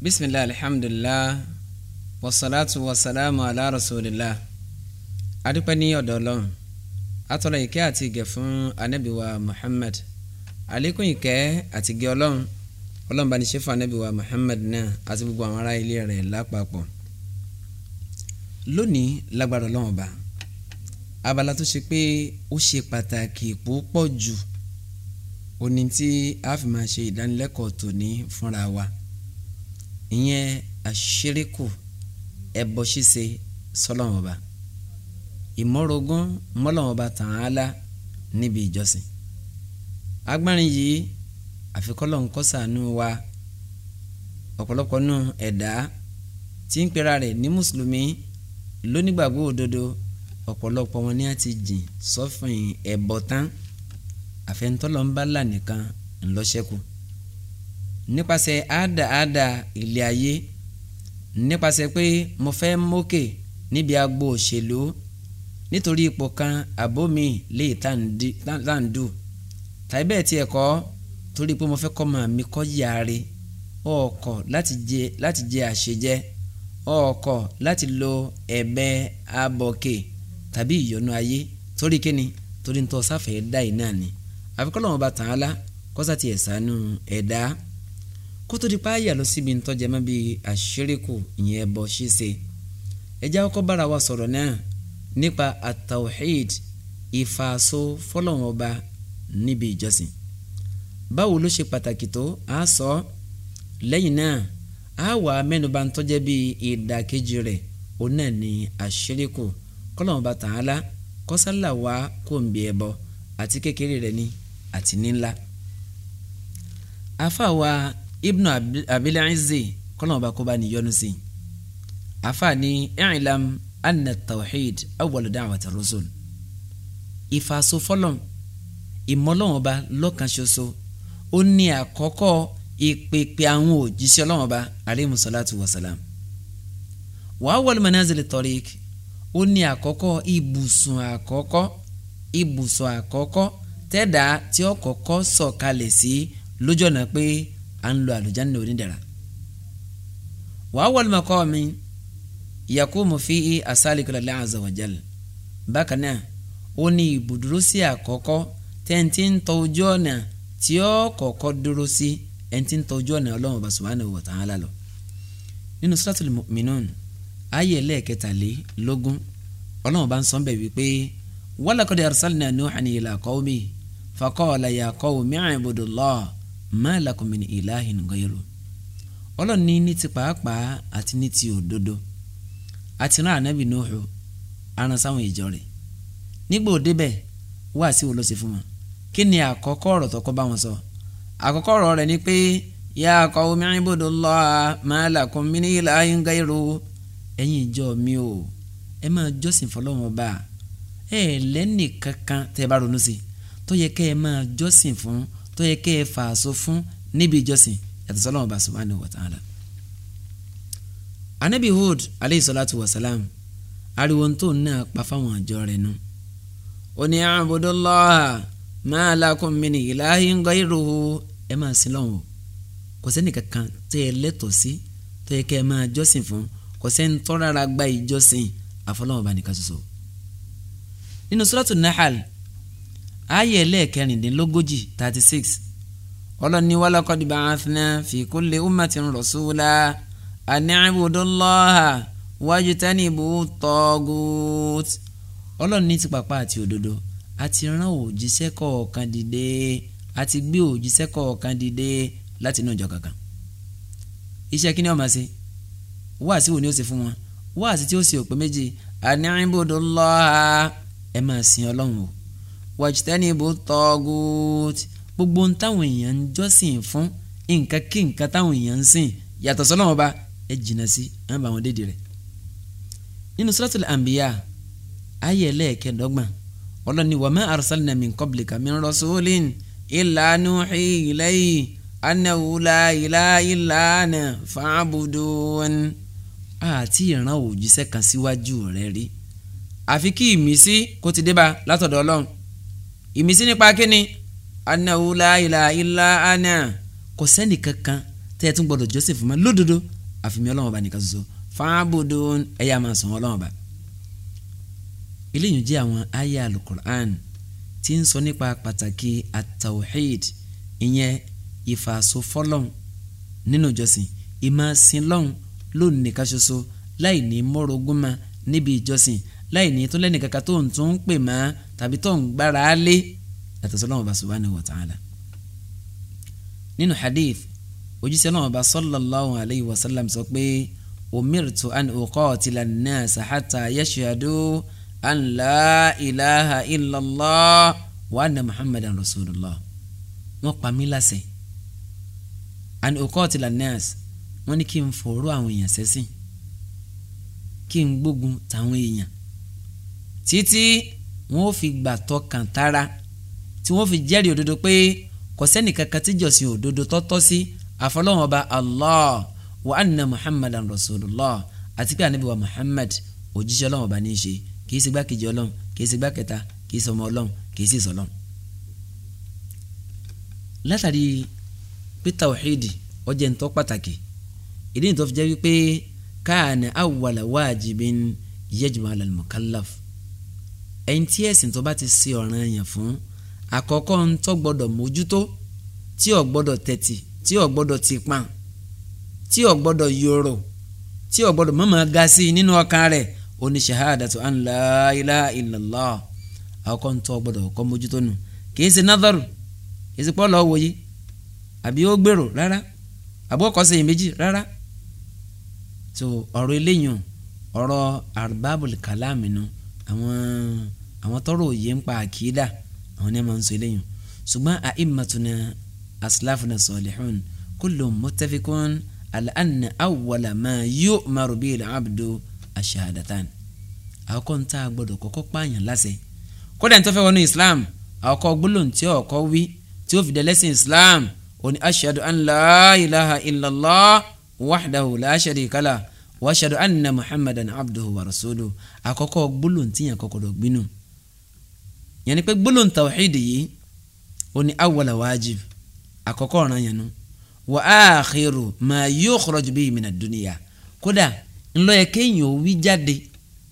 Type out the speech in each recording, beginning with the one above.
bisimilahi alihamdulilah wasalaatu wasalaamu ala rasulillah adúpẹ́ ní ọ̀dọ̀ Ọlọ́run atọrọ ìkẹ́ àti ìgẹ̀ fún Ànábì wa Muhammad àlékún ìkẹ́ àti ìgẹ̀ Ọlọ́run Ọlọ́run bá ní ṣe fún Ànábì wa Muhammad náà àti gbogbo àwọn ará ilé rẹ̀ lápapọ̀ lónìí lágbára Ọlọ́run ọba abala tó ṣe pé ó ṣe pàtàkì púpọ̀ jù òní tí a fi máa ṣe ìdánilẹ́kọ̀ọ́ tòní fúnra wa ìyẹn àṣírìkù ẹbọ ṣíṣe sọlọ́wọ́ba ìmọ̀rọ̀gún mọ́lọ́wọ́ba tààlà níbi ìjọsìn agbárin yìí àfikọ́lọ́ nkọ́sàánú wa ọ̀pọ̀lọpọ̀ nù ẹ̀dá tí ń pera rẹ̀ ní mùsùlùmí lónígbàgbọ́ òdodo ọ̀pọ̀lọpọ̀ wọn ni a ti jìn sọ́fìn ẹbọ tán àfẹ́ntọ́lọ́ ń bá là nìkan ńlọ́ṣẹ́kù nípasẹ̀ àádáadáa ilé ayé nípasẹ̀ pé mo fẹ́ mókè níbi agbo òṣèlú nítorí ipò kan àbómi lè tàǹdù tàbí bẹ́ẹ̀ tiẹ̀ kọ́ torí pé mo fẹ́ kọ́ màá mi kọ́ yáre ọkọ̀ láti jẹ àṣejẹ ọkọ̀ láti lo ẹ̀bẹ̀ abọ̀kè tàbí ìyọnu ayé torí kíni torí ń tọ́ sáfẹ̀ẹ́ dá iná ni àfikún lọ́wọ́ bá tàn án lá kọ́sà tiẹ̀ ẹ̀dá. E kó tó di pa àyà lọ síbi ntọ́jà má bíi àṣírìkù ìyẹn ẹbọ ṣíṣe ẹjẹ akọkọ bára wa sọ̀rọ̀ náà nípa atawhid ìfàsó fọlọ́wọn ọba níbi ìjọsìn báwo ló ṣe pàtàkì tó a sọ lẹ́yìn náà a wà mẹ́nuba ntọ́jà bíi ìdàkejì rẹ̀ òun ní àṣírìkù kọlọ́wọn ọba tààlà kọ́sálà wa kò ń bí ẹbọ àti kékeré rẹ̀ ni àti ní ńlá afa wa ibnu abil izzi kọ́lọ́mọba kó bá níyọnu sí i àfààní i'lam anna tawhid awwalu da'wati rusul ìfàsó fọlọ́m ìmọ̀lọ́wọ́ba lọ́kan ṣoṣo ó ní àkọ́kọ́ ìpèpè àwọn òjíṣẹ́ ọlọ́wọ́ba alayhi salatu wa salam wa awwal manazil tariq ó ní àkọ́kọ́ ibùsùn àkọ́kọ́ ibùsùn àkọ́kọ́ tẹ́dà tí ó kọ́kọ́ sọ̀kalẹ̀ sí lójú ọ̀nà pé à ń lo àlùjánnà onídẹ̀ra wa awwal maqami yaqumu fihi as-saliku lillahi azza wa jalla bákan náà ó ní ibùdúró sí àkọ́kọ́ tẹ́ǹtì ń tọ ojú ọ̀nà tí ó kọ́kọ́ dúró sí ẹ̀ǹtì ń tọ ojú ọ̀nà ọlọ́run bá subhanahu wa suratul mu'minun ayé ẹlẹ́ẹ̀kẹtàlélógún ọlọ́run bá ń sọ bẹ́ẹ̀ wípé walaqad arsalna nuhan ila qawmihi faqala ya qawmi i'budullaha ma lakum min ilahin ghayru ọlọ́run ní ní ti pàápàá àti ní ti òdodo àti rán ànábì Nuhu aran sáwọn ìjọ rẹ̀ nígbà òde bẹ́ẹ̀ wá sí wo ló ṣe fún wọn kí ni àkọ́kọ́ ọ̀rọ̀ tó kọ́ bá wọn sọ àkọ́kọ́ ọ̀rọ̀ rẹ̀ ni pé ya qawmi ibudullaha ma lakum min ilahin ghayru ẹ̀yin ìjọ mi o ẹ máa jọ́sìn fọlọ́wọn ọba ẹ lẹ́nì kankan tẹ́ ẹ bá ronú sí tó yẹ kẹ́ ẹ máa jọ́sìn fún tó yẹ kẹ́ ẹ fàáso fún níbi ìjọsìn yàtọ̀ sọ́lọ́mù bá subhanahu wa ta'ala. anabi Hud aleyhi salatu wa salam ariwo tó náà pa fáwọn àjọ rẹ̀ nu. ó ní a'budullaha ma lakum min ilahin ghayruhu ẹ máa sin lọ́wọ́ kò sẹ́ni kankan tó yẹ lẹ́tọ̀ọ́ sí tó yẹ kẹ́ ẹ máa jọ́sìn fún kò sẹ́ni tó rárá gba ìjọsìn àfọlọ́wọ́ bá nìkan ṣoṣo. nínú suratu Nahal ayé ẹlẹ́ẹ̀kẹrìndínlógójì thirty six ọlọ́ni walaqad ba'athna fi kulli ummatin rasula ani'budullaha wajtanibu tagut ọlọ́ni ní ti pàpà àti òdodo àti rán òjíṣẹ́ kọ̀ọ̀kan dìde àti gbé òjíṣẹ́ kọ̀ọ̀kan dìde láti inú ìjọ kankan iṣẹ́ kí ni ó máa ṣe wáàsí wo ni ó ṣe fún wọn wáàsí tí ó ṣe òpè méjì ani'budullaha ẹ máa sin ọlọ́run o wajtanibu tagut gbogbo ń táwọn èèyàn ń jọ́sìn fún nǹkan kí nǹkan táwọn èèyàn ń sìn yàtọ̀ sọ́nà ọba ẹ jìnnà sí ẹ bá wọn dédìí rẹ̀ nínú suratul anbiya ayé ẹlẹ́ẹ̀kẹ́dọ́gbọ̀n ọlọ́ni wa ma arsalna min qablika min rasulin illa nuhi ilayhi annahu la ilaha illa ana fa'budun àti ìran òjíṣẹ́ kan síwájú rẹ̀ rí àfi kí ìmísí kó ti dé bá látọ̀dọ̀ ọlọ́run ìmísí nípa kíni anahu la ilaha illa ana kò sẹ́ni kankan tẹ́ gbọ́dọ̀ joseph mọ́ lódodo àfìmí ọlọ́wọ́n bá nìkan ṣoṣo fáàbùdù ẹ̀yà máa sàn ọlọ́wọ́n bá. eléyìí jẹ́ àwọn àyà alukur'an tí ń sọ nípa pàtàkì atawhid ìyẹn ìfàsófọ́lọ́n nínú ìjọsìn ìmọ̀sílọ́n lónìí nìkan ṣoṣo láì ní mọ́rọ̀gúnmá níbi ìjọsìn láì ní tó lẹ́nìkankan tó ń tún pè máa tàbí tó ń gbára lé yàtọ̀ sí Ọlọ́hun Ọba subhanahu wa ta'ala. nínú hadith ojúṣe Ọlọ́hun Ọba sallallahu alayhi wa sallam sọ pé umirtu an uqatila an-nasa hatta yashhadu an la ilaha illallah wa anna muhammadan rasulullah wọ́n pa mí láṣẹ an uqatila an-nas wọ́n ní kí n fòró àwọn èèyàn sẹ́sìn kí n gbógun táwọn èèyàn títí wọn ò fi gbàtọ́ kàn tara tí wọ́n fi jẹ́rìí òdodo pé kò sẹ́ni kankan tí jọ́sìn òdodo tọ́tọ́ sí àfọlọ́wọn ọba Allah wa anna muhammadan rasulullah àti pé ànábì wa muhammad òjíṣẹ́ ọlọ́wọ́n ọba ní í ṣe kì í ṣe gbákejì ọlọ́run kì í ṣe gbákẹta kì í ṣe ọmọ kì í ṣe ìsọlọ́run. látàrí pé tawhidi ó jẹ́ ǹtọ́ pàtàkì ìdí nìtọ́ fi jẹ́ wípé káàní awwala wajibin yajma ala ẹ̀yin tí ẹ̀sìn tó bá ti ṣe ọ̀ràn èèyàn fún àkọ́kọ́ ń tó gbọ́dọ̀ mójútó tí ò gbọ́dọ̀ tẹ̀tì tí ò gbọ́dọ̀ tìpọ̀n tí ò gbọ́dọ̀ yòrò tí ò gbọ́dọ̀ mọ̀mọ́ ga sí i nínú ọkàn rẹ̀ oní shahadatu an la ilaha illallah àkọ́kọ́ ń tó gbọ́dọ̀ kọ́ mójútó nù kì í ṣe nádàrú kì í ṣe pọ́ọ̀lù ọ̀wòye àbí ó gbèrò rárá àbí ó kọ́sẹ̀ méjì rárá so ọ̀rọ̀ eléyìn ọ̀rọ̀ arbabul kalam nu àwọn àwọn tọrọ òye ń pa àkìdá àwọn náà máa ń sọ eléyìí ṣùgbọ́n àìmọ̀túnà asláfúnà sọ̀lẹ́hún kúlò mọ́tẹ́fíkún àlànà àwọ̀là máa yóò máa rò bí ilẹ̀ abdu aṣáàdàtàn. àkọ́kọ́ ń tá a gbọ́dọ̀ kọ́kọ́ pààyàn láṣẹ. kódà ní tó fẹ́ wọnú Islam àkọ́kọ́ gbólóhùn tí ọ̀kọ́ wí tí ó fi dẹ̀ lẹ́sìn Islam òní aṣáàdù an la ilaha illallah wàhdahu la sharika yẹn ni pé gbólóhùn tawhid yìí ó ní awwala wájib àkọ́kọ́ ọ̀ràn yẹn nu wa akhiru ma yukhraj bihi mina dunya kódà ńlọ yẹ kéèyàn ò wí jáde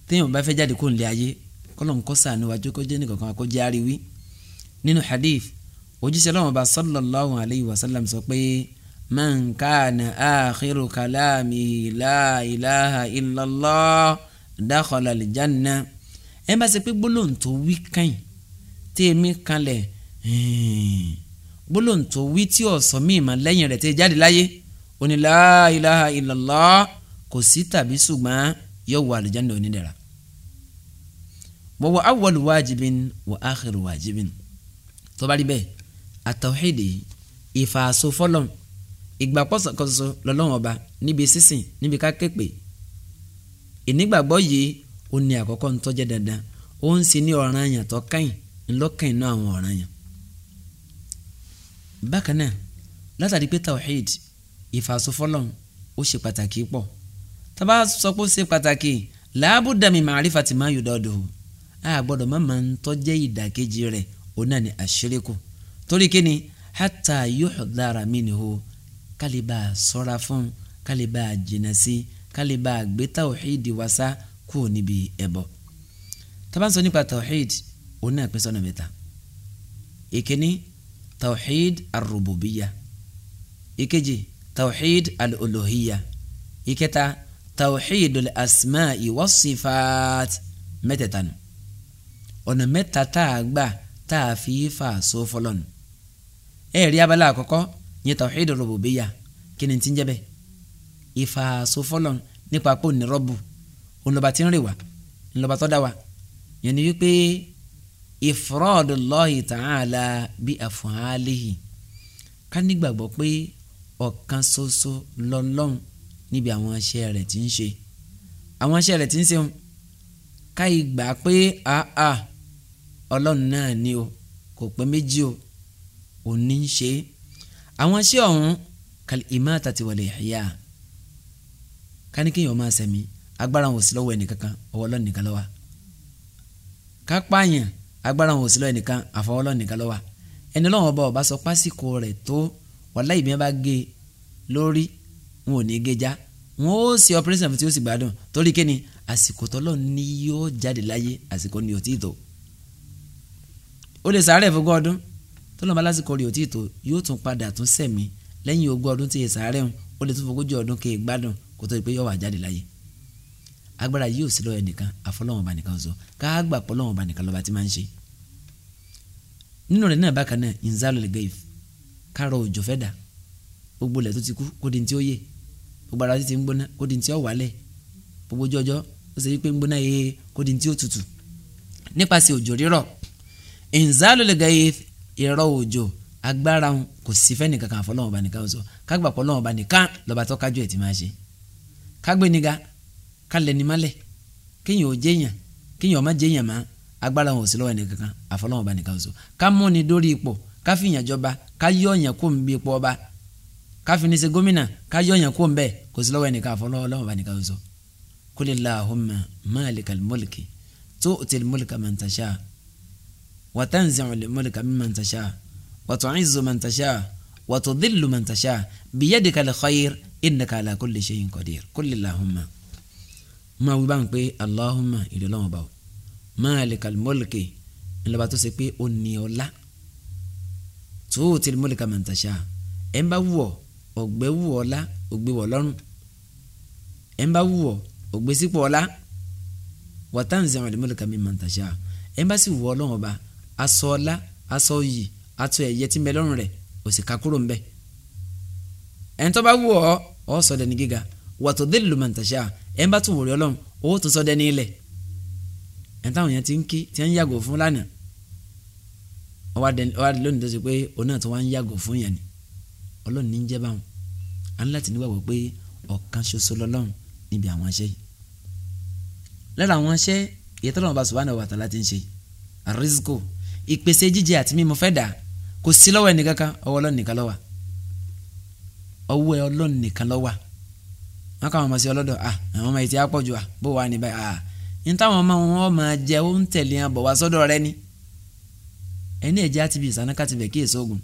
téèyàn bá fẹ́ jáde kó ń lé ayé kọ́lọ̀ ń kọ́ sànù wájú kó jẹ́ nìkankan kó jẹ́ àríwí nínú hadith òjíṣẹ́ lọ́wọ́ bá sallallahu alayhi wa sallam sọ pé man kana akhiru kalamihi la ilaha illallah dakhala aljanna ẹ má ṣe pé gbólóhùn tó wí kàn yìí tí èmi kanlẹ̀ gbólóhùn tó wí tí ọ̀sán mi mà lẹ́yìn rẹ̀ tẹ́ jáde láyé ó ní la ilaha illallah kò sí tàbí ṣùgbọ́n yóò wọ àlùjáde onídẹ̀ra wọ́wọ́ awwalu wájibin wa akhiru wájibin tó bá rí bẹ́ẹ̀ àtàwíìdì ìfàsó fọlọ́n ìgbà pọ́sọ̀kọ́sọ lọ́lọ́wọ́n ọba níbi sísìn níbi kákẹ́pẹ́ ìnígbàgbọ́ yìí ó ní àkọ́kọ́ ń tọ́jẹ́ dandan ó ń sin ní ọ̀ràn àyàn káyìn ńlọ́kàn inú àwọn ọ̀ràn yẹn bákan náà látàrí pé tawhid ìfàsófọ́lọ́n ó ṣe pàtàkì pọ̀ tá bá sọ pé ó ṣe pàtàkì làábùdà mi màrífàtì máa yọ̀ dọ́dọ̀ a gbọ́dọ̀ má máa ń tọ́jẹ́ ìdàkejì rẹ̀ òun náà ni àṣíríkù torí kí ni hátà yóò dára mí ni o kálíbà sọ́ra fún kálíbà jìnnà sí kálíbà gbé tawhid wá sá níbi ẹ̀bọ tá sọ nípa tawhid òun náà pín sọ́nà mẹ́ta ìkíní tawhid arububiya ìkejì tawhid alolohiya ìkẹta tawhid asma iwasifat mẹ́tẹ̀ẹ̀ta nù ọ̀nà mẹ́ta tá a gbà tá a fi fà so fọlọ́nù ẹ̀ẹ́rí eh, abala àkọ́kọ́ ní tawhid arububiya kí ni ti ń jẹ́ bẹ́ẹ̀ ìfà so fọlọ́nù nípa pò ní rọ́bù òun tí ń rè wá ńlọba tó dá wa yẹn ni wípé ifraadullahi ta'ala bi afuhalihi ká nígbàgbọ́ pé ọ̀kan ṣoṣo lọ́lọ́run níbi àwọn iṣẹ́ rẹ̀ tí ń ṣe àwọn iṣẹ́ rẹ̀ tí ń ṣe ká ìgbà pé àà ọlọ́run náà ni o kò pé méjì o ò ní í ṣe àwọn iṣẹ́ ọ̀hún kàlí imatati wal ihya ká ní kéèyàn máa sẹ̀mí agbára wọn ò sí lọ́wọ́ ẹnìkankan ọwọ́ ọlọ́run nìkan ló ká pààyàn agbára wọn ò sí lọ ẹnìkan àfọwọ́lọ́ nìkan lọ́wọ́ ẹni lọ́wọ́ ọba ọba sọ pásíkò rẹ̀ tó wàlá ìbí wọn bá gé e lórí wọn ò ní gé e já wọn ó sì operation tí ó sì gbádùn torí kíni àsìkò tọ́lọ́ ni yóò jáde láyé àsìkò ni ò tí ì tó ó lè sàárẹ̀ fún ogún ọdún tọ́lọ́ bá lásìkò rẹ̀ ò tí ì tó yóò tún padà tún sẹ̀mí lẹ́yìn ogún ọdún tí ì sàárẹ̀ hùn ó lè tún fún ogójì ọdún kí ì gbádùn kó tó di pé yóò wà jáde láyé agbára yìí ò sí lọ́wọ́ ẹnìkan àfọlọ́wọ́n ọba nìkan sọ káàgbà pọ́lọ́wọ́n ọba nìkan lọ́ba tí máa ń ṣe. nínú rẹ̀ náà bákan náà inzalo lè gẹ́yìf kárọ̀ òjò fẹ́ dà gbogbo ilẹ̀ tó ti kú kó di ti ó yè gbogbo ara ti ń gbóná kó ti ó wálẹ̀ gbogbo jọjọ́ ó ṣe wípé ń gbóná yẹ kó ti ó tutù nípasẹ̀ òjò rírọ̀ inzalo lè gẹ́yìf ìrọ̀ òjò agbára kò sí fẹ́ nìkan kan àfọlọ́wọ́n ọba nìkan sọ káàgbà pọ́lọ́wọ́n ọba nìkan lọ́ba tó kájú ẹ̀ ti máa ṣe kágbéniga kálẹ̀ ní malẹ̀ kéèyàn ò jẹ́yàn kéèyàn ọmọ jẹ́yàn má agbára wọn ò sí lọ́wọ́ ẹni kankan àfọlọ́wọn bá nìkan so ká mú ni dórí ipò ká fi yàn jọba ká yọ yàn kó ń bí ipò ọba ká fi ní ṣe gómìnà ká yọ yàn kó ń bẹ́ẹ̀ kò sí lọ́wọ́ ẹni kan àfọlọ́wọn bá nìkan so kúlẹ̀ làhùnmá máàlìkàl mọ́lìkì tó òtẹ̀lì mọ́lìkà máa ń tàṣà mọ́lìkà máa ń máa wí báyìí pé Allahumma ìlú ọlọ́run bá o Malikal mulki ńlọba tó ṣe pé ó ní ọlá tuutil mulka man tasha ẹ̀ ń bá wù ọ́ ọ̀gbẹ́ wù ọ́ ọlá ògbé wọ̀ lọ́rùn ẹ̀ ń bá wù ọ́ ògbé sípò ọlá wa tanzi'ul mulka mimman tasha ẹ̀ ń bá sì wù ọ́ ọlọ́run ọba aṣọ ọlá aṣọ yìí aṣọ ẹ̀yẹ tí ń lọ́rùn rẹ̀ ó sì ká kúrò ń ẹ̀ ń bá tún wòrí ọlọ́run owó tó sọdẹ ní ilẹ̀ ẹ̀ táwọn yẹn ti ń ké ti ń yàgò fún lánàá ọwọ́ adé lónìí tó ṣe pé òun náà tó wá ń yàgò fún yẹn ni ọlọ́run ní ń jẹ́ báwọn à ń láti nígbàgbọ́ pé ọ̀kan ṣoṣo lọ́lọ́run níbi àwọn aṣẹ́ yìí lára àwọn aṣẹ́ ìyẹn tó lọ́wọ́ bá subhanahu wa ta'ala ti ń ṣe àrísíkò ìpèsè jíjẹ àti mímu fẹ́ dà kò sí lọ́wọ́ ẹnìkankan ọwọ́ ọlọ́run nìkan ló ọwọ́ ọlọ́run nìkan ló wọn káwọn ọmọ sí ọlọ́dọ̀ à ah, àwọn ọmọ yìí ti á pọ̀ jù a ah, bó wà ní báyìí ah, táwọn ọmọ wọn jẹ ó ń tẹ̀lé bọ̀ wá rẹ ni ẹni ẹ̀jẹ̀ àti ibi ìsànà káti bẹ̀ kí èso ogun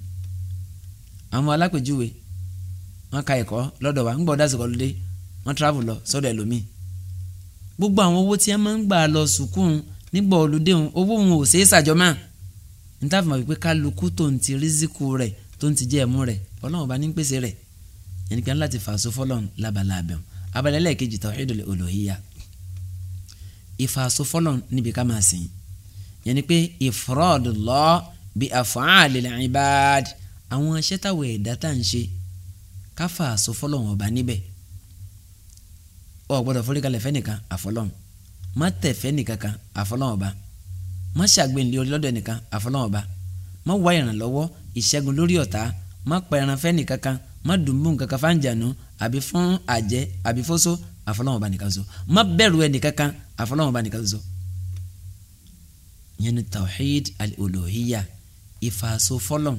àwọn alápèjúwe wọn ka ẹ̀kọ́ lọ́dọ̀ wa ń gbọ́ wọn travel lọ sọ́dọ̀ gbogbo àwọn owó tí máa ń gbà lọ nígbà owó ò ṣàjọmọ́ kálukú tó ń ti tó ń yẹn nìkan láti fàṣọ fọlọ́n lábala abẹ́m abala ẹlẹ́ẹ̀kejì tawhidul uluhiyya ìfàṣọ fọlọ́n níbi ká máa sìn yẹn ni pé ifradullah bi af'alil ibad àwọn aṣẹ́tàwọ̀ ẹ̀dá tá à ń ṣe ká fàṣọ fọlọ́n ọba níbẹ̀ ọ gbọ́dọ̀ foríkalẹ̀ fẹ́nìkan àfọlọ́n má tẹ̀ fẹ́nìkan kan àfọlọ́n ọba má ṣàgbéǹlé má dùnbù nǹkankan fáńjànú àbí fún àjẹ́ àbí fóso àfọlọ́wọn bá nìkan so má bẹ̀rù ẹnì kankan àfọlọ́wọn bá nìkan so. yẹn ni tawhid al-uluhiyya ìfàso fọlọ́n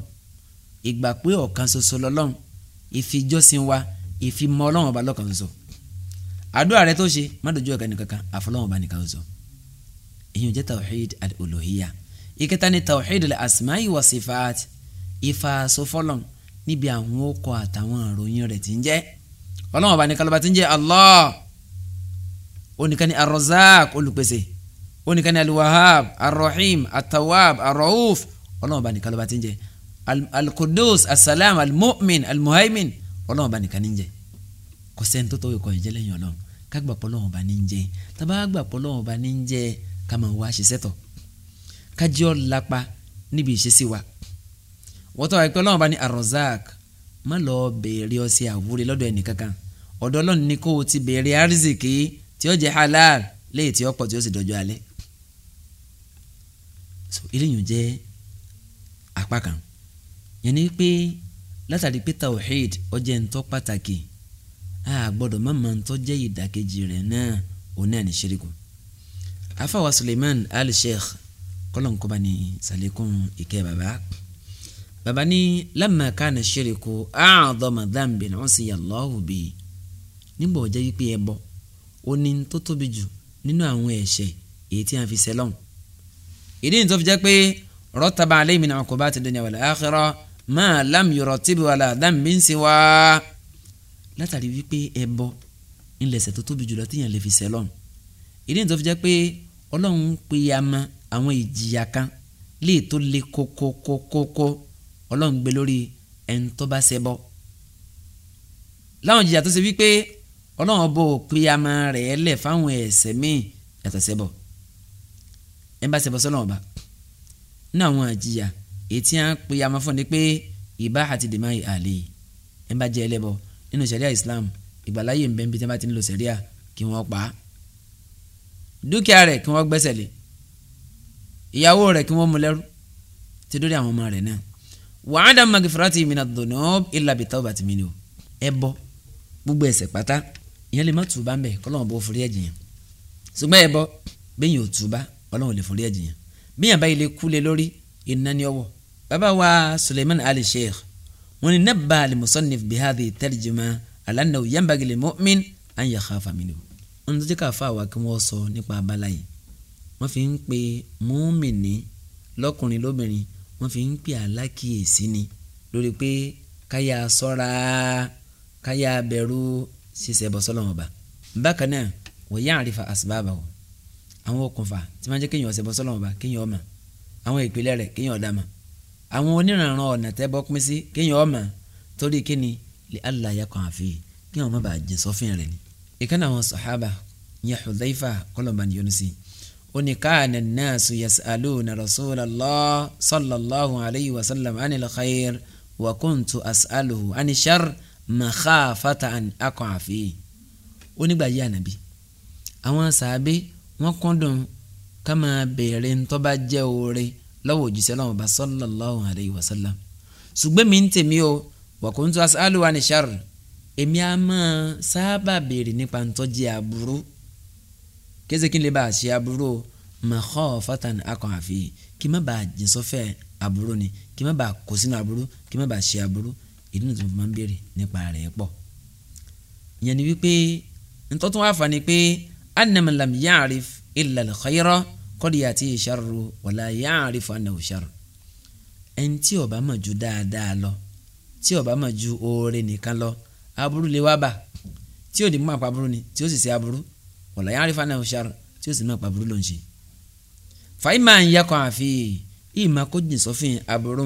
ìgbà pé ọ̀kan ṣoṣo lọ́lọ́n ìfijọ́sìn wa ìfimọ́ ọlọ́wọn bá lọ́kan so. àdúrà rẹ tó ṣe má dojú ọ̀kan nìkankan àfọlọ́wọn bá nìkan so. èyí jẹ́ tawhid al ìkẹta ni tawhid al-asma'i sifaat ìfàso níbi àwọn ọkọ̀ àtàwọn àròyìn rẹ̀ ti ń jẹ́ ọlọ́wọ́n bá ní kálọ́ba ti ń jẹ́ Allah oníkan ní arozak olùpèsè oníkan ní aluwahab arrohim atawab arrohuf ọlọ́wọ́n bá ní kálọ́ba ti ń jẹ́ alkudus asalam almu'min almuhaimin ọlọ́wọ́n bá nìkan ní jẹ́ kò sẹ́ni tó tọ́wọ́ ìkọ̀ ìjẹ́ lẹ́yìn ọlọ́run ká gbà pọ̀ lọ́wọ́n bá ní jẹ́ tábà gbà pọ̀ lọ́wọ́n bá ní jẹ́ ká máa ṣiṣẹ́ tọ̀ ká jẹ́ níbi ìṣesí wa wọ́n tọ́ àìpẹ́ ọlọ́run bá ní arozak má lọ béèrè ọsẹ àwúre lọ́dọ̀ ẹnìkankan ọ̀dọ̀ ọlọ́run ni kó o ti béèrè arzikì tí ó jẹ́ halal léyìí tí ó pọ̀ tí ó sì dọjọ́ alẹ́ so eléyìí jẹ́ apá kan yẹn ni pé látàrí pé tawhid ó jẹ́ ntọ́ pàtàkì a gbọ́dọ̀ má máa ntọ́ jẹ́ ìdàkejì rẹ̀ náà òun náà ní ṣíríkù afa wa Suleiman al-Sheikh kọ́lọ́nkọ́ba ní sàlékún ìkẹ́ bàbá bàbá ní lamma kana shiriku a'dhama dhanbin usiya Allahu bi nígbà ọjọ́ wípé ẹbọ ó ní tó tóbi jù nínú àwọn ẹ̀ṣẹ̀ èyí tí a fi sẹ́lọ̀n ìdí nìtọ́ fi jẹ́ pé rọ́tàbà alẹ́ mi náà kò bá ti dunya wal akhirah máa lam yọrọ tíbi wàlà dhanbi ń sin wá. látàrí wípé ẹbọ ńlẹ̀sẹ̀ tó tóbi jùlọ tíyàn lè fi ọlọ́run gbé lórí ẹni tó bá ṣẹbọ láwọn jìyà tó ṣe wípé ọlọ́run bò pé a máa rẹ̀ ẹ́ lẹ̀ fáwọn ẹ̀ṣẹ̀ míì yàtọ̀ ṣẹbọ ẹ bá ṣẹbọ sọ́lọ́run ọba ní àwọn àjìyà ètí à ń pè àmọ́ fún ni pé ìbá àti dèmá àlè ẹ bá jẹ́ ẹlẹ́bọ nínú sẹ̀ríà Islam ìgbàláyè nbẹ́nbí tí wọ́n bá ti ń lo sẹ̀ríà kí wọ́n pa á dúkìá rẹ̀ kí wọ́n gbẹ́sẹ̀ lé ìyàwó rẹ̀ kí wọ́n mú lẹ́rú ti dórí àwọn ọmọ rẹ̀ náà wàhádà magifurati mi náà dùnú ilà bi tawbati mi ni o ẹ bọ gbogbo ẹ̀ṣẹ̀ pátá ìyẹn lè má tùbá ń bẹ kọlọ́wọ́n bó forí ẹ̀jìyàn ṣùgbọ́n ẹ bọ bẹ́yìn ò tùbá ọlọ́wọ́n lè forí ẹ̀jìyàn bẹ́yìn àbáyé lè kú lé lórí iná ní ọwọ́ bàbá wa Suleiman Ali Sheikh wọn ni nabba al-musannif bihadi tarjuma alanna yanbaghi lil mu'min an yakhafa minhu wọn tó ká fa wọ́n fi ń pè alákìyèsí ni lórí pé káyà sọ́ra káyà bẹ̀rù ṣiṣẹ́ bọ́ sọ́lọ́mọ bá bákan náà wọ́n yá àrífà àsìbáàbà o àwọn okùnfà tí wọ́n jẹ́ kéèyàn ọ̀sẹ̀ bọ́ sọ́lọ́mọ bá kéèyàn ọmọ àwọn ìpìlẹ̀ rẹ̀ kéèyàn ọ̀dàmà àwọn onírànràn ọ̀nà tẹ́ bọ́ pín sí kéèyàn ọmọ torí kíni lè Allah yakọ̀ àfi kéèyàn ọmọ bá jẹ sọ́fìn rẹ̀ ni ìkànnì àwọn sàhábà yẹn oni kaana naasu yasaluna rasulallah sallallahu alayhi wa sallam ani lakhair wa kuntu asaluhu ani shar makhafata an akọ̀n àfi onígbà yìí ànàbí àwọn sàábé wọn kúndùn ká máa béèrè ntọ́ba jẹ́ oore lọ́wọ́ òjíṣẹ́ lọ́wọ́ bá sallallahu alayhi wa sallam ṣùgbọ́n mi ń tèmi o wa kuntu as'alu an shar èmi á máa sábà béèrè nípa ntọ́jẹ́ aburú kése lè bá a ṣe aburú o makhafatan aqa fi kí má bàa jìn sọ́fẹ́ aburú ni kí má bàa kó sínú aburú kí má bàa ṣe aburú ìdí nìtò máa ń béèrè nípa rẹ̀ pọ̀ ìyẹn ni wípé ntọ́tún wá fani pé annam lam ya'rif illa al-khayra qad ya'tihi sharru wala ya'rifu annahu sharr ẹni tí ó bá mọ̀ ju dáadáa lọ tí ó bá mọ̀ ju oore nìkan lọ aburú lè wá bà tí ò ní mọ̀ pa ni tí ó sì ṣe aburú wala ya'rifu annahu sharr tí ó sì mọ̀ pa aburú fàyímà ń yakọ̀ àfihàn ìmà kó jìn sọ́fìn àbúrò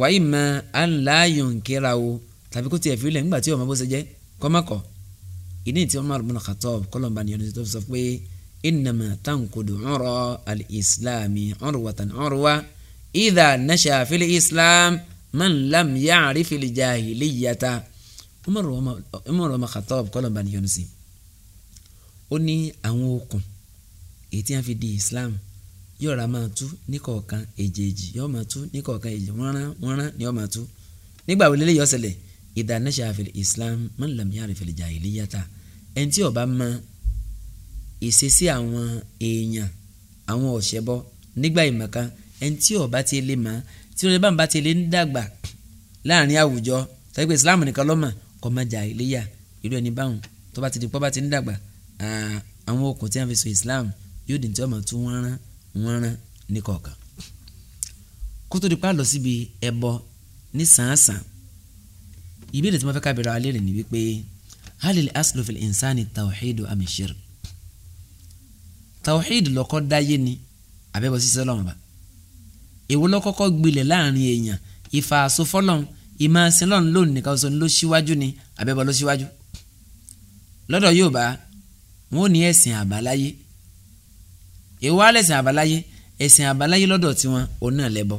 wàyí mà á ń láàyò nkíra o tàbí kó tiẹ̀ fílẹ̀ ńgbà tí ọmọ bó ṣe jẹ́ kọ́mọ́kọ́ ìdí tí Umar ibn Khattab kọ́lọ́mbà ni ọdún tó sọ pé innama tankudu ọ̀rọ̀ al-islami urwatan urwa idha nasha fil islam man lam ya'rif al-jahiliyata Umar ibn Khattab kọ́lọ́mbà ni ọdún sí ó ní àwọn okùn èyí tí wọ́n fi di islam yóò ra máa tú níkọ̀ọ̀kan èjèèjì yóò máa tú níkọ̀ọ̀kan èjèèjì wọ́nrán wọ́nrán ni yóò máa tú nígbà wo lélẹ́yìí ọ̀sẹ̀lẹ̀ ìdánáṣà àfẹ́lẹ̀ Islam mọ́nlẹ̀mí àrẹ̀fẹ̀lẹ̀ jà ìlíyàtà ẹni tí ó bá mọ ìṣesí àwọn èèyàn àwọn ọ̀ṣẹ́bọ nígbà ìmọ̀kan ẹni tí ó bá ti lè mọ̀ tí wọ́n bá ń bá ti lè ń dàgbà láàrin àwùjọ tàbí Islam nìkan lọ́mọ̀ kọ́ máa jà ìlíyà irú ẹni báwọn tó bá ti di pọ́ bá ti ń dàgbà àwọn okùn tí wọ́n fi so Islam yóò dì tí wọ́n máa tún wọ́n rán wọ́n rán ní kọ̀ọ̀kan kótó dípá lọ síbi ẹbọ ní sàǹsàn ìbéèrè tí mo fẹ́ ká bẹ̀rẹ̀ alẹ́ rẹ̀ ni wípé halil aslu fil insani tawhidu amishir shirk tawhid lọ́kọ́ dáyé ni abẹ́bọ̀ sí sọ́lọ́mù bá èwo lọ́kọ́kọ́ gbilẹ̀ láàrin èèyàn ìfà àsofọ́lọ́n ìmọ̀ sílọ́n lónìí nìkan sọ ló síwájú ni abẹ́bọ̀ ló síwájú lọ́dọ̀ Yorùbá wọn ò ní ẹ̀sìn àbáláyé èwo á lẹ̀sìn àbáláyé ẹ̀sìn àbáláyé lọ́dọ̀ tiwọn òun náà lẹ́bọ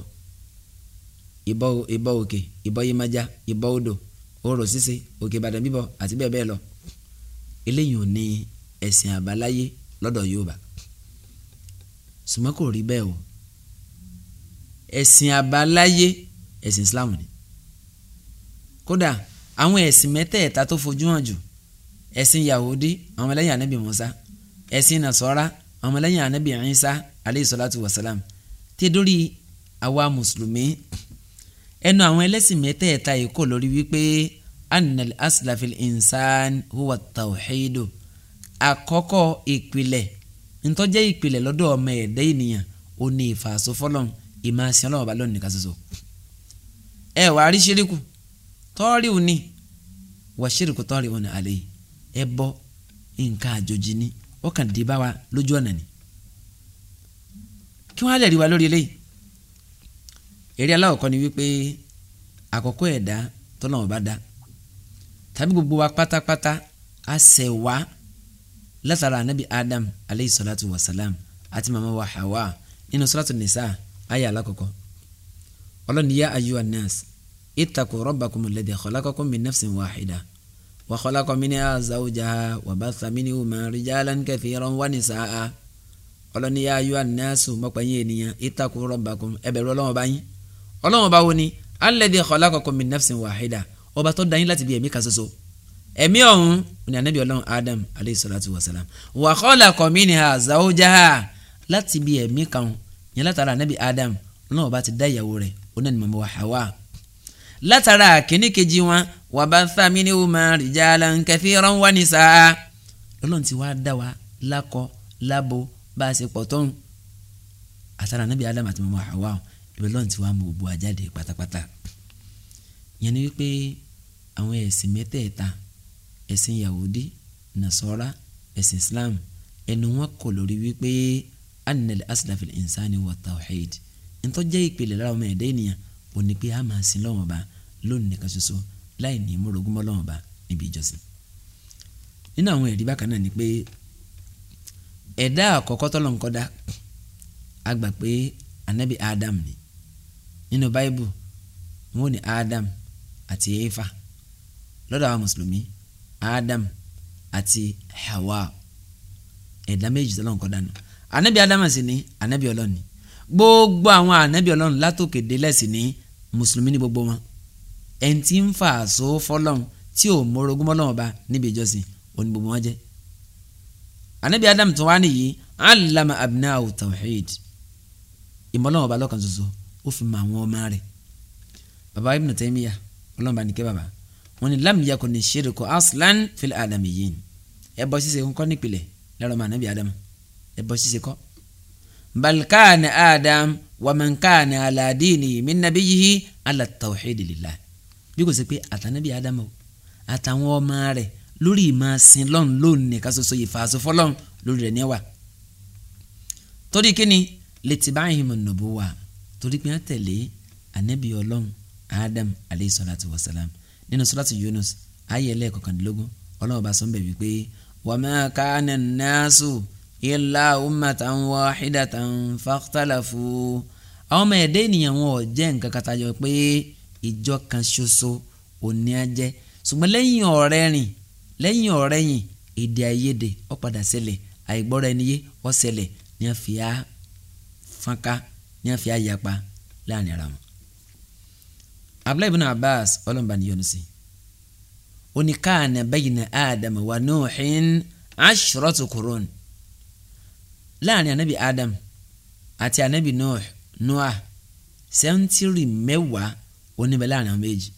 ìbọ ìbọ òkè ìbọ yemaja ìbọ odò orò ṣíṣe òkè ìbàdàn bíbọ àti bẹ́ẹ̀ bẹ́ẹ̀ lọ eléyìí ò ní ẹ̀sìn àbáláyé lọ́dọ̀ Yorùbá ṣùgbọ́n kò rí bẹ́ẹ̀ o ẹ̀sìn àbáláyé ẹ̀sìn Islam ni kódà àwọn ẹ̀sìn mẹ́tẹ̀ẹ̀ta tó fojú hàn jù ẹ̀sìn Yahudi ọmọlẹ́yìn anabi Isa aleyhi salatu salam ti dórí àwa mùsùlùmí ẹnu àwọn ẹlẹ́sìn mẹ́tẹ̀ẹ̀ta yìí kò lórí wípé annal aslafil insan huwa tawhidu àkọ́kọ́ ìpìlẹ̀ ntọ́jẹ́ ìpìlẹ̀ lọ́dọ̀ ọmọ ẹ̀dá ènìyàn ó ní ìfàsó fọlọ́n ìmọ̀ àṣẹ ọlọ́wọ́ bá lónìí ká soso ẹ wà á rí ṣíríkù tọ́ọ̀rì òní wà ṣíríkù tọ́ọ̀rì òní àlẹ́ ẹ bọ́ nǹkan àjòjì ni ó kàn dé bá wa lójú ọ̀nà ni kí wọ́n á lè rí wa lórí eléyìí eré aláwọ̀kọ́ ni wípé àkọ́kọ́ ẹ̀dá tọ́lọ́wọ́n bá dá tàbí gbogbo wa pátápátá a ṣẹ̀ wá látara anabi adam aleyhi salatu wa salam àti mama wa hawa nínú suratu nisa aya alákọ̀ọ́kọ́ ọlọ́ni yá ayyuhan nas ittaqu rabbakum alladhi khalaqakum min nafsin wahida. وخلق منها زوجها وبث منهما رجالا كثيرا ونساء ọlọ́ni yá ayọ́ anáàsù mọ́pẹ́yìn ènìyàn ìtàkùn rọ́bàkùn ẹbẹ̀rù ọlọ́run ọba yín ọlọ́run ọba wo ni alẹ́dẹ̀ khalaqakum min nafsin wàhídà ọba tó dá yín láti bí ẹ̀mí kan ṣoṣo ẹ̀mí ọ̀hún ni anabi ọlọ́run adam aleyhi salatu wa salam wa khalaqa minha zawjaha láti bí ẹ̀mí kan yẹn látara anabi adam ọlọ́run ọba ti dá ìyàwó rẹ̀ onáni màmá hawa látara kìnnìkejì wọn wà bá fàmí ní ọmọ rìjàlá nkẹfì rán wá ní sáà lọ́lọ́run ti wá dá wa lákọ lábo bá a ṣe pọ̀ tọ́hún àtàrà níbi Ádámù àti mọ́mọ́ Háwà ìbẹ̀ lọ́run ti wá mú gbogbo àjáde pátápátá yẹn ni wípé àwọn ẹ̀sìn mẹ́tẹ̀ẹ̀ta ẹ̀sìn Yahudi Nasara ẹ̀sìn Islam ẹnu wọn kò lórí wípé anil aslafil insani wa tawhid ntọ́jẹ́ ìpìlẹ̀ lára ọmọ ẹ̀dá ènìyàn ó ní pé a máa sin lọ́wọ́n ọba lónìí nìkan ṣoṣo láì ní mórogún mọ́ lọ́wọ́n ọba níbi ìjọsìn nínú àwọn ẹ̀rí bákan náà ni pé ẹ̀dá àkọ́kọ́ tọ́lọ́hun kọ́dá a gbà pé anabi Adam ni nínú báíbù wọn ni Adam àti Éfà lọ́dọ̀ àwọn mùsùlùmí Adam àti Hawa ẹ̀dá méjì tọ́lọ́hun kọ́dá nù anabi Adam sì ni anabi ọlọ́ni gbogbo àwọn anabi ọlọ́ni látòkè délẹ̀ sì ni mùsùlùmí ni gbogbo wọn ẹni tí ń fà so fọlọ́n tí ò mórogún mọ́lọ́wọ́ bá níbi ìjọsìn òní gbogbo wọn jẹ́ anabi adam tó wá nìyí alama abna'u tawhid ìmọ̀lọ́wọ́ bá lọ́kàn ṣoṣo ó fi mọ àwọn ọmọ rẹ̀ baba ibn taymiya ọlọ́mọba nìkẹ́ baba wọn ni lam yakun ni shirku aslan fil adamiyyin ẹbọ ṣíṣe kọ́ nípìnlẹ̀ lẹ́rọ̀ mọ́ anabi adam ẹbọ ṣíṣe kọ́ balkaani adam wamankaani aladini min nabiyihi ala tawhidi lillah bí kò sí pé àtànábì adam o àtàwọn ọmọ rẹ̀ lórí ìmọ̀ sin lọ́n lóun nìkan ṣoṣo ìfàṣọ fọlọ́n lórí rẹ̀ níwà torí kíni litibahim nubuwa torí pé wọ́n tẹ̀lé ànábì ọlọ́run adam alayhi salatu wa salam nínú suratu yunus ayé ẹlẹ́ẹ̀kọkàndínlógún ọlọ́run bá sọ ń bẹ̀ wípé wàmẹ́ kánẹ̀ náà sùn illa ummatan wahidatan fakhtalafu àwọn ọmọ ẹ̀dá ènìyàn wọn ò jẹ́ nǹkan kan tayọ pé ìjọ kan ṣoṣo òní ajẹ́ ṣùgbọ́n lẹ́yìn ọ̀rẹ́ rìn lẹ́yìn ọ̀rẹ́ yìn èdè àìyedè ó padà ṣẹlẹ̀ àìgbọ́ra ẹniyé ó ṣẹlẹ̀ ní a fọ́nká ní a yapa láàrin ara wọn. Abdullahi ibn Abbas ọlọ́mọba ni yọnu sí ó ní káàní bayna Adam wa láàrin anabi adam àti anabi noah noah sẹ́ńtírì mẹ́wàá oníbẹ̀ láàrin àwọn méjì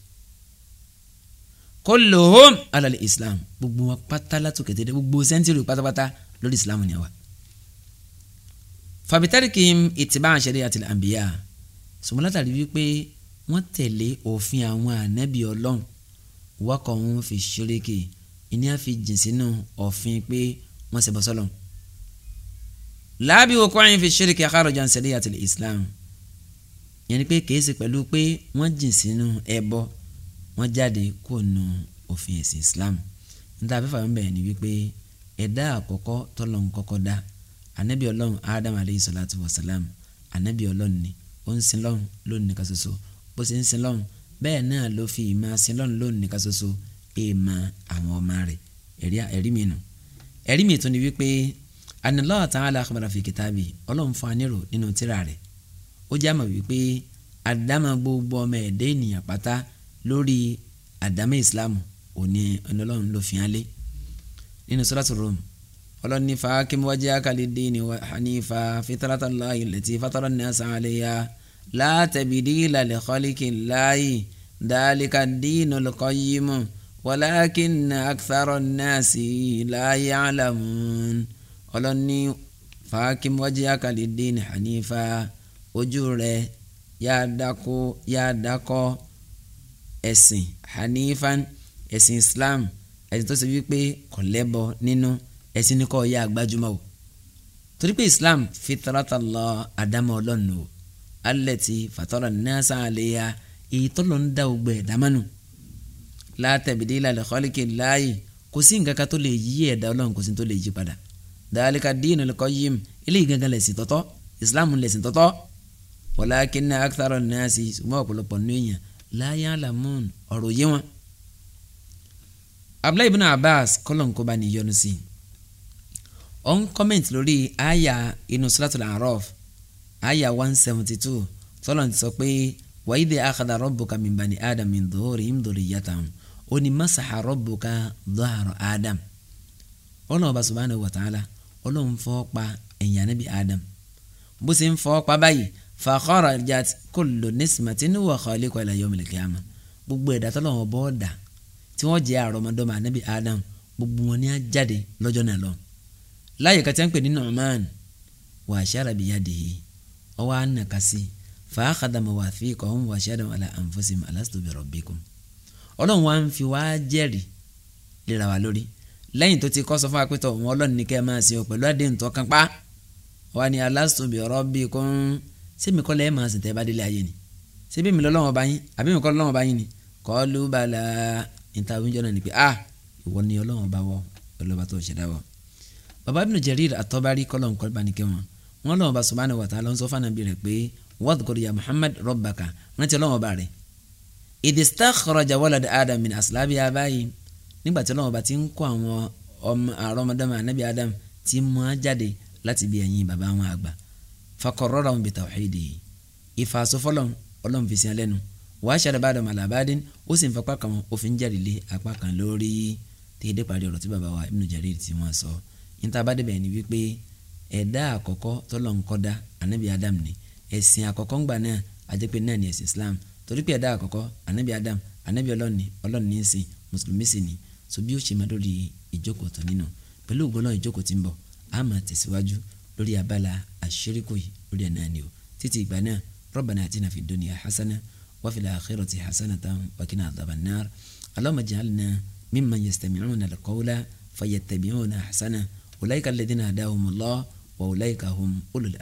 kulluhum ala islam gbogbo wọn pátá látòkè tẹ́lẹ̀ gbogbo sẹ́ńtírì pátápátá lórí islam ni wa. fàbítàríkìm ìtìbá shari'atil anbiya sọmọ látàrí wípé wọ́n tẹ̀lé òfin àwọn ànábì ọlọ́run wọ́kọ̀ wọn fi ṣíríkì ìní àfi jìn sínú òfin pé wọ́n ṣẹbọ sọ́lọ́run láàbí okò ẹ̀yìn fi ṣíríkì àkàrọ̀jà ń sẹ́lẹ̀ àti Islam yẹn ni pé kìí ṣe pẹ̀lú pé wọ́n jìn sínú ẹbọ wọ́n jáde kó nu òfin ẹ̀sìn Islam níta fífa ń bẹ̀rẹ̀ ni wípé ẹ̀dá àkọ́kọ́ tọ́lọ̀ ń kọ́kọ́ dá anabi ọlọ́run Adam aleyhi salatu wa salam anabi ọlọ́run ni ó ń sin lọ́run lónìí nìkan ṣoṣo bó ṣe ń sin lọ́run bẹ́ẹ̀ náà ló fi ìmọ̀ sin lọ́run lónìí nìkan ṣoṣo èèmọ̀ àwọn ọmọ rẹ̀ ẹ̀rí mi nù ẹ̀rí mi tún ni wípé Anna Allah ta'ala akhbara fi kitabi ọlọ́run fún anírò nínú tírà rẹ̀ ó já mọ̀ wípé àdámà gbogbo ọmọ ẹ̀dẹ́ ènìyàn pátá lórí àdámà ìsìlámù òní ọlọ́run ló fi hàn lé nínú suratu Rum ọlọ́run ní fa'akim wajhaka lid-dini hanifa fitratallahi allati fatara an-nasa 'alayha la tabdila li khalqillahi dhalika ad-dinul qayyim walakinna akthara an-nasi la ya'lamun ọlọ́ni fàákìm wájú àkàlì dín hànífà ojú rẹ yáa dákọ yáa dákọ ẹ̀sìn hànífà ẹ̀sìn Islam ẹ̀sìn tó ṣe wípé kò lẹ́bọ nínú ẹ̀sìn ní kò yá gbajúmọ̀ o torí pé Islam fitratallah àdámọ̀ ọlọ́nu o allati fatara an-nasa 'alayha èyí tó lọ ń da ògbẹ́ ẹ̀dámánu la tabdila li khalqi kò sí nǹkan kan tó lè yí ẹ̀dá ọlọ́run kò sí tó lè yí padà dhalika ad-dinul qayyim ilé ìgangan lẹ̀sìn tọ́tọ́ islam lẹ̀sìn tọ́tọ́ walakinna akthara an-nasi ṣùgbọ́n ọ̀pọ̀lọpọ̀ nìyẹn la ya'lamun ọ̀rọ̀ yé wọn. abdullahi ibn abbas kọ́lọ̀nkọ́ba ni yọnu sí i ó ń kọ́mẹ̀ntì lórí àyà inú suratul A'raf àyà one seventy two tọ́lọ̀ ti sọ pé wa idha akhadha rabbuka min bani adam min dhuhurihim dhurriyyatahum ó ní masaha rabbuka dhahra adam ọlọ́ọ̀bá subhanahu wa ta'ala ọlọ́run fọwọ́ pa ẹ̀yìn ànábì Adam bó ṣe ń fọwọ́ pa báyìí fa kharajat kullu nismatin wa khaliqu ila yawmil qiyamah gbogbo ẹ̀dá tọ́lọ́wọ́n bọ́ dà tí wọ́n jẹ́ àrọ́mọdọ́mọ ànábì Adam gbogbo wọn ni á jáde lọ́jọ́ náà lọ láyé kàtí ń pè ní Nu'man wa ashara biyadihi ọwọ́ á nà kásì fa akhadha mawaathiqahum wa ashhadahum ala anfusihim alastu bi rabbikum ọlọ́run wa ń fi wá jẹ́rìí lera wa lórí lẹ́yìn tó ti kọ́ sọ fún apẹ́tọ̀ wọn ọlọ́run ní kẹ́ ẹ máa sìn ọ pẹ̀lú àdéhùn tó kan pa wà ní alásùnbí ọ̀rọ̀ bíi kún sẹ́mi kọ́ lẹ́ẹ̀ máa sìn tẹ́ bá délé ayé ni sẹ́mi mi lọ́lọ́wọ́ bá yín àbí mi kọ́ lọ́wọ́ bá yín ni kọ́ọ́lù bala ìtàwíjọ́ náà ni pé ah ìwọ ni ọlọ́wọ́ bá wọ ọlọ́ba tó ṣẹ̀dá wọ. bàbá Ibn Jarir àtọ́bárí kọ́lọ̀ nígbà tí ọlọ́run ọba ti ń kó àwọn àrọ́mọdọ́mọ anábì adam ti mú a jáde láti bí ẹ̀yìn bàbá wọn àgbà fakọrọ́ra wọn bi tawhidi ìfàsófọ́lọ́n ọlọ́run fi sin alẹ́nu wàá ṣàdàbà àdàmà làbádín ó sì ń fapá kan òfin jáde lé apá kan lórí tèdè parí ọ̀rọ̀ tí bàbá wa Ibn Jarir tí wọ́n sọ níta bá débẹ̀ ni wípé ẹ̀dá àkọ́kọ́ tọ́lọ̀ ń anabi adam ni ẹ̀sìn àkọ́kọ́ ń gbà náà àjẹpẹ́ náà ni ẹ̀sìn Islam torí pé ẹ̀dá àkọ́kọ́ anabi adam anabi ọlọ́ni ọlọ́ni ní í sìn mùsùlùmí sì ni so bí ó ṣe máa lórí ìjókòó tó nínú pẹ̀lú ògbọ́nà ìjókòó tí ń bọ̀ a máa tẹ̀síwájú lórí abala àṣírìkù yìí lórí ẹ̀ náà ni o títí ìgbà náà rabbana atina fid dunya hasana wa fil akhirati hasanatan wa qina adhaban nar allahumma ij'alna mimman yastami'una al-qawla fayattabi'una ahsana ulaika alladhina hadahumullah wa ulaika hum ulul